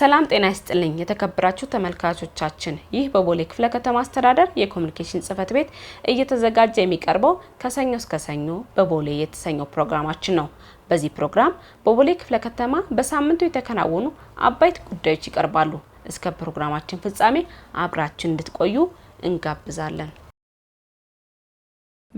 ሰላም ጤና ይስጥልኝ የተከበራችሁ ተመልካቾቻችን፣ ይህ በቦሌ ክፍለ ከተማ አስተዳደር የኮሚኒኬሽን ጽህፈት ቤት እየተዘጋጀ የሚቀርበው ከሰኞ እስከ ሰኞ በቦሌ የተሰኘው ፕሮግራማችን ነው። በዚህ ፕሮግራም በቦሌ ክፍለ ከተማ በሳምንቱ የተከናወኑ አበይት ጉዳዮች ይቀርባሉ። እስከ ፕሮግራማችን ፍጻሜ አብራችን እንድትቆዩ እንጋብዛለን።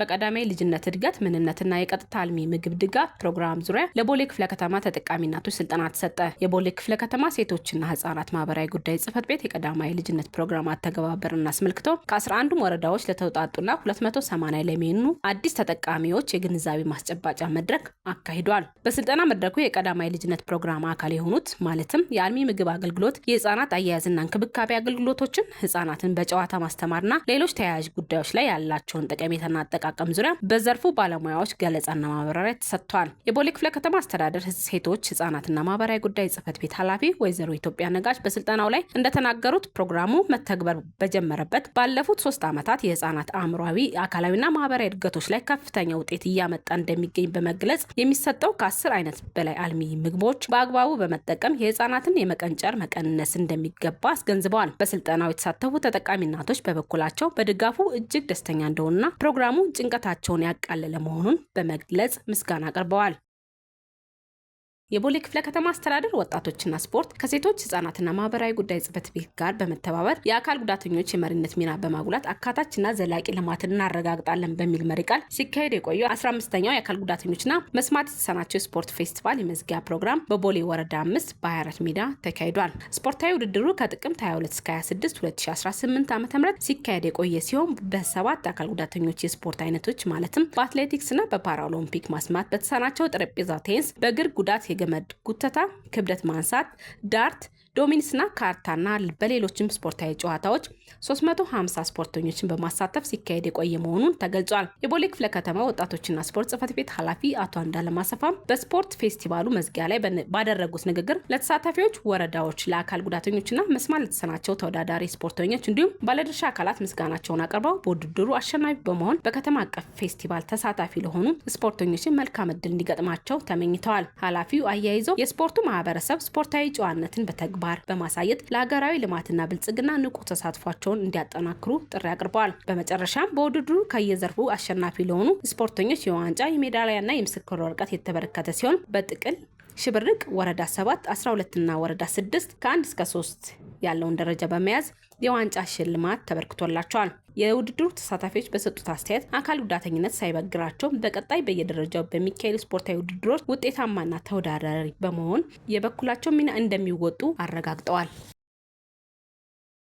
በቀዳማይ ልጅነት እድገት ምንነትና የቀጥታ አልሚ ምግብ ድጋፍ ፕሮግራም ዙሪያ ለቦሌ ክፍለ ከተማ ተጠቃሚ እናቶች ስልጠና ተሰጠ። የቦሌ ክፍለ ከተማ ሴቶችና ህጻናት ማህበራዊ ጉዳይ ጽህፈት ቤት የቀዳማዊ ልጅነት ፕሮግራም አተገባበርን አስመልክቶ ከ11ዱም ወረዳዎች ለተውጣጡና 280 ለሚሆኑ አዲስ ተጠቃሚዎች የግንዛቤ ማስጨባጫ መድረክ አካሂዷል። በስልጠና መድረኩ የቀዳማዊ ልጅነት ፕሮግራም አካል የሆኑት ማለትም የአልሚ ምግብ አገልግሎት፣ የህጻናት አያያዝና እንክብካቤ አገልግሎቶችን፣ ህጻናትን በጨዋታ ማስተማርና ሌሎች ተያያዥ ጉዳዮች ላይ ያላቸውን ጠቀሜታና አጠቃቀም ዙሪያ በዘርፉ ባለሙያዎች ገለጻና ማብራሪያ ተሰጥቷል። የቦሌ ክፍለ ከተማ አስተዳደር ሴቶች ህጻናትና ማህበራዊ ጉዳይ ጽህፈት ቤት ኃላፊ ወይዘሮ ኢትዮጵያ ነጋሽ በስልጠናው ላይ እንደተናገሩት ፕሮግራሙ መተግበር በጀመረበት ባለፉት ሶስት ዓመታት የህጻናት አእምሯዊ አካላዊና ማህበራዊ እድገቶች ላይ ከፍተኛ ውጤት እያመጣ እንደሚገኝ በመግለጽ የሚሰጠው ከአስር አይነት በላይ አልሚ ምግቦች በአግባቡ በመጠቀም የህጻናትን የመቀንጨር መቀነስ እንደሚገባ አስገንዝበዋል። በስልጠናው የተሳተፉ ተጠቃሚ እናቶች በበኩላቸው በድጋፉ እጅግ ደስተኛ እንደሆኑና ፕሮግራሙ ጭንቀታቸውን ያቃለለ መሆኑን በመግለጽ ምስጋና አቅርበዋል። የቦሌ ክፍለ ከተማ አስተዳደር ወጣቶችና ስፖርት ከሴቶች ህጻናትና ማህበራዊ ጉዳይ ጽህፈት ቤት ጋር በመተባበር የአካል ጉዳተኞች የመሪነት ሚና በማጉላት አካታችና ዘላቂ ልማትን እናረጋግጣለን በሚል መሪ ቃል ሲካሄድ የቆየ አስራ አምስተኛው የአካል ጉዳተኞችና መስማት የተሳናቸው ስፖርት ፌስቲቫል የመዝጊያ ፕሮግራም በቦሌ ወረዳ አምስት በ24 ሜዳ ተካሂዷል። ስፖርታዊ ውድድሩ ከጥቅምት 22 እስከ 26 2018 ዓ ም ሲካሄድ የቆየ ሲሆን በሰባት አካል ጉዳተኞች የስፖርት አይነቶች ማለትም በአትሌቲክስና በፓራኦሎምፒክ ማስማት በተሳናቸው ጠረጴዛ ቴኒስ፣ በእግር ጉዳት የገመድ ጉተታ፣ ክብደት ማንሳት፣ ዳርት፣ ዶሚኒስና ካርታና በሌሎችም ስፖርታዊ ጨዋታዎች 350 ስፖርተኞችን በማሳተፍ ሲካሄድ የቆየ መሆኑን ተገልጿል። የቦሌ ክፍለ ከተማ ወጣቶችና ስፖርት ጽህፈት ቤት ኃላፊ አቶ አንዳለማሰፋም በስፖርት ፌስቲቫሉ መዝጊያ ላይ ባደረጉት ንግግር ለተሳታፊዎች ወረዳዎች፣ ለአካል ጉዳተኞችና መስማት ለተሰናቸው ተወዳዳሪ ስፖርተኞች እንዲሁም ባለድርሻ አካላት ምስጋናቸውን አቅርበው በውድድሩ አሸናፊ በመሆን በከተማ አቀፍ ፌስቲቫል ተሳታፊ ለሆኑ ስፖርተኞችን መልካም እድል እንዲገጥማቸው ተመኝተዋል። ኃላፊው አያይዘው የስፖርቱ ማህበረሰብ ስፖርታዊ ጨዋነትን በተግባር ተግባር በማሳየት ለሀገራዊ ልማትና ብልጽግና ንቁ ተሳትፏቸውን እንዲያጠናክሩ ጥሪ አቅርበዋል። በመጨረሻም በውድድሩ ከየዘርፉ አሸናፊ ለሆኑ ስፖርተኞች የዋንጫ የሜዳሊያና የምስክር ወረቀት የተበረከተ ሲሆን በጥቅል ሽብርቅ ወረዳ 7 12ና ወረዳ 6 ከ1 እስከ 3 ያለውን ደረጃ በመያዝ የዋንጫ ሽልማት ተበርክቶላቸዋል። የውድድሩ ተሳታፊዎች በሰጡት አስተያየት አካል ጉዳተኝነት ሳይበግራቸውም በቀጣይ በየደረጃው በሚካሄዱ ስፖርታዊ ውድድሮች ውጤታማና ተወዳዳሪ በመሆን የበኩላቸው ሚና እንደሚወጡ አረጋግጠዋል።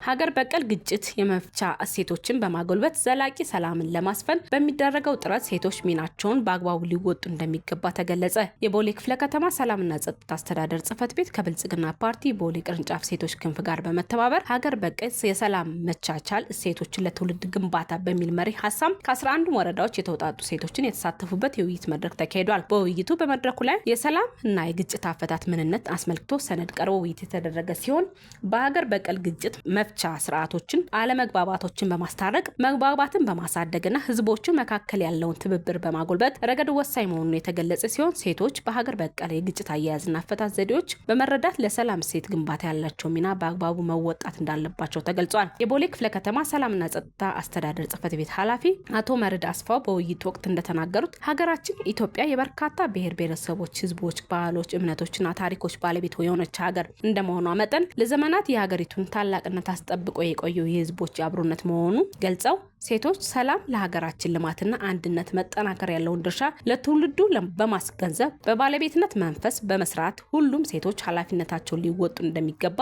ሀገር በቀል ግጭት የመፍቻ እሴቶችን በማጎልበት ዘላቂ ሰላምን ለማስፈን በሚደረገው ጥረት ሴቶች ሚናቸውን በአግባቡ ሊወጡ እንደሚገባ ተገለጸ። የቦሌ ክፍለ ከተማ ሰላምና ጸጥታ አስተዳደር ጽህፈት ቤት ከብልጽግና ፓርቲ ቦሌ ቅርንጫፍ ሴቶች ክንፍ ጋር በመተባበር ሀገር በቀል የሰላም መቻቻል እሴቶችን ለትውልድ ግንባታ በሚል መሪ ሀሳብ ከ11 ወረዳዎች የተውጣጡ ሴቶችን የተሳተፉበት የውይይት መድረክ ተካሂዷል። በውይይቱ በመድረኩ ላይ የሰላም እና የግጭት አፈታት ምንነት አስመልክቶ ሰነድ ቀርቦ ውይይት የተደረገ ሲሆን በሀገር በቀል ግጭት መፍቻ ስርዓቶችን፣ አለመግባባቶችን በማስታረቅ መግባባትን በማሳደግና ህዝቦችን መካከል ያለውን ትብብር በማጎልበት ረገድ ወሳኝ መሆኑን የተገለጸ ሲሆን ሴቶች በሀገር በቀል የግጭት አያያዝና አፈታት ዘዴዎች በመረዳት ለሰላም ሴት ግንባታ ያላቸው ሚና በአግባቡ መወጣት እንዳለባቸው ተገልጿል። የቦሌ ክፍለ ከተማ ሰላምና ጸጥታ አስተዳደር ጽህፈት ቤት ኃላፊ አቶ መርድ አስፋው በውይይት ወቅት እንደተናገሩት ሀገራችን ኢትዮጵያ የበርካታ ብሔር ብሔረሰቦች፣ ህዝቦች፣ ባህሎች፣ እምነቶችና ታሪኮች ባለቤት የሆነች ሀገር እንደመሆኗ መጠን ለዘመናት የሀገሪቱን ታላቅነት አስጠብቆ የቆየው የህዝቦች አብሮነት መሆኑ ገልጸው ሴቶች ሰላም ለሀገራችን ልማትና አንድነት መጠናከር ያለውን ድርሻ ለትውልዱ በማስገንዘብ በባለቤትነት መንፈስ በመስራት ሁሉም ሴቶች ኃላፊነታቸውን ሊወጡ እንደሚገባ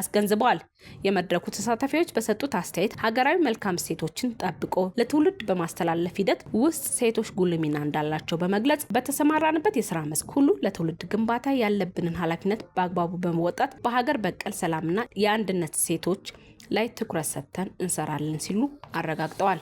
አስገንዝበዋል። የመድረኩ ተሳታፊዎች በሰጡት አስተያየት ሀገራዊ መልካም ሴቶችን ጠብቆ ለትውልድ በማስተላለፍ ሂደት ውስጥ ሴቶች ጉልህ ሚና እንዳላቸው በመግለጽ በተሰማራንበት የስራ መስክ ሁሉ ለትውልድ ግንባታ ያለብንን ኃላፊነት በአግባቡ በመወጣት በሀገር በቀል ሰላምና የአንድነት ሴቶች ላይ ትኩረት ሰጥተን እንሰራለን ሲሉ አረጋግጠዋል።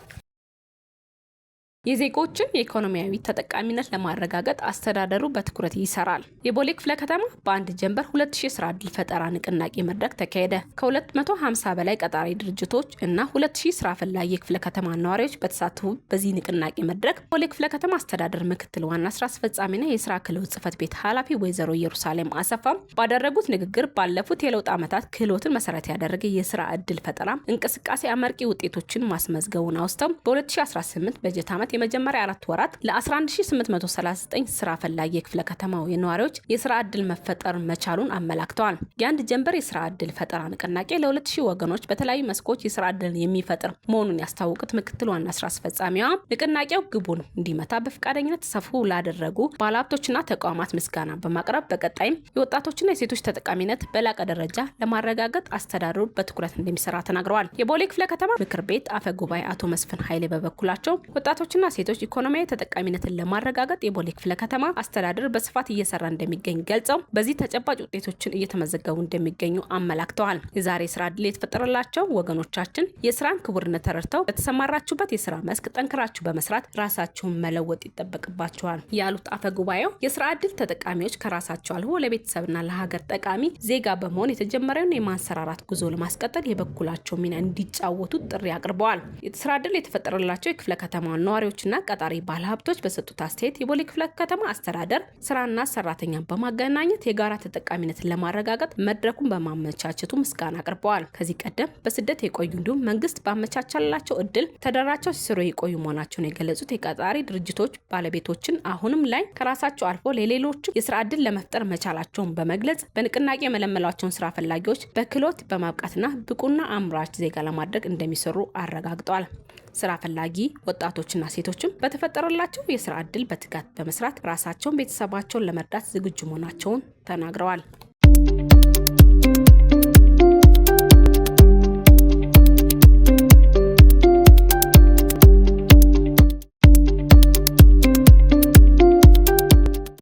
የዜጎችን የኢኮኖሚያዊ ተጠቃሚነት ለማረጋገጥ አስተዳደሩ በትኩረት ይሰራል። የቦሌ ክፍለ ከተማ በአንድ ጀንበር 2000 የስራ ዕድል ፈጠራ ንቅናቄ መድረክ ተካሄደ። ከ250 በላይ ቀጣሪ ድርጅቶች እና 2000 ስራ ፈላጊ የክፍለ ከተማ ነዋሪዎች በተሳተፉ በዚህ ንቅናቄ መድረክ ቦሌ ክፍለ ከተማ አስተዳደር ምክትል ዋና ስራ አስፈጻሚና የስራ ክህሎት ጽህፈት ቤት ኃላፊ ወይዘሮ ኢየሩሳሌም አሰፋም ባደረጉት ንግግር ባለፉት የለውጥ ዓመታት ክህሎትን መሰረት ያደረገ የስራ ዕድል ፈጠራ እንቅስቃሴ አመርቂ ውጤቶችን ማስመዝገቡን አውስተው በ2018 በጀት ዓመት ዓመት የመጀመሪያ አራት ወራት ለ11839 ስራ ፈላጊ የክፍለ ከተማው የነዋሪዎች የስራ ዕድል መፈጠር መቻሉን አመላክተዋል። የአንድ ጀንበር የስራ ዕድል ፈጠራ ንቅናቄ ለ2000 ወገኖች በተለያዩ መስኮች የስራ ዕድል የሚፈጥር መሆኑን ያስታወቁት ምክትል ዋና ስራ አስፈጻሚዋ ንቅናቄው ግቡን እንዲመታ በፈቃደኝነት ሰፉ ላደረጉ ባለሀብቶችና ተቋማት ምስጋና በማቅረብ በቀጣይም የወጣቶችና የሴቶች ተጠቃሚነት በላቀ ደረጃ ለማረጋገጥ አስተዳደሩ በትኩረት እንደሚሰራ ተናግረዋል። የቦሌ ክፍለ ከተማ ምክር ቤት አፈ ጉባኤ አቶ መስፍን ኃይሌ በበኩላቸው ወጣቶች ሴቶችና ሴቶች ኢኮኖሚያዊ ተጠቃሚነትን ለማረጋገጥ የቦሌ ክፍለ ከተማ አስተዳደር በስፋት እየሰራ እንደሚገኝ ገልጸው በዚህ ተጨባጭ ውጤቶችን እየተመዘገቡ እንደሚገኙ አመላክተዋል። የዛሬ ስራ እድል የተፈጠረላቸው ወገኖቻችን የስራን ክቡርነት ተረድተው በተሰማራችሁበት የስራ መስክ ጠንክራችሁ በመስራት ራሳችሁን መለወጥ ይጠበቅባቸዋል። ያሉት አፈ ጉባኤው የስራ እድል ተጠቃሚዎች ከራሳቸው አልፎ ለቤተሰብና ለሀገር ጠቃሚ ዜጋ በመሆን የተጀመረውን የማንሰራራት ጉዞ ለማስቀጠል የበኩላቸው ሚና እንዲጫወቱ ጥሪ አቅርበዋል። የስራ እድል የተፈጠረላቸው የክፍለ ከተማ ነዋሪዎች ነዋሪዎችና ቀጣሪ ባለሀብቶች በሰጡት አስተያየት የቦሌ ክፍለ ከተማ አስተዳደር ስራና ሰራተኛን በማገናኘት የጋራ ተጠቃሚነትን ለማረጋገጥ መድረኩን በማመቻቸቱ ምስጋና አቅርበዋል። ከዚህ ቀደም በስደት የቆዩ እንዲሁም መንግስት ባመቻቻላቸው እድል ተደራቸው ሲሰሩ የቆዩ መሆናቸውን የገለጹት የቀጣሪ ድርጅቶች ባለቤቶችን አሁንም ላይ ከራሳቸው አልፎ ለሌሎቹ የስራ እድል ለመፍጠር መቻላቸውን በመግለጽ በንቅናቄ የመለመሏቸውን ስራ ፈላጊዎች በክህሎት በማብቃትና ብቁና አምራች ዜጋ ለማድረግ እንደሚሰሩ አረጋግጠዋል። ስራ ፈላጊ ወጣቶችና ሴቶችም በተፈጠረላቸው የስራ እድል በትጋት በመስራት ራሳቸውን ቤተሰባቸውን ለመርዳት ዝግጁ መሆናቸውን ተናግረዋል።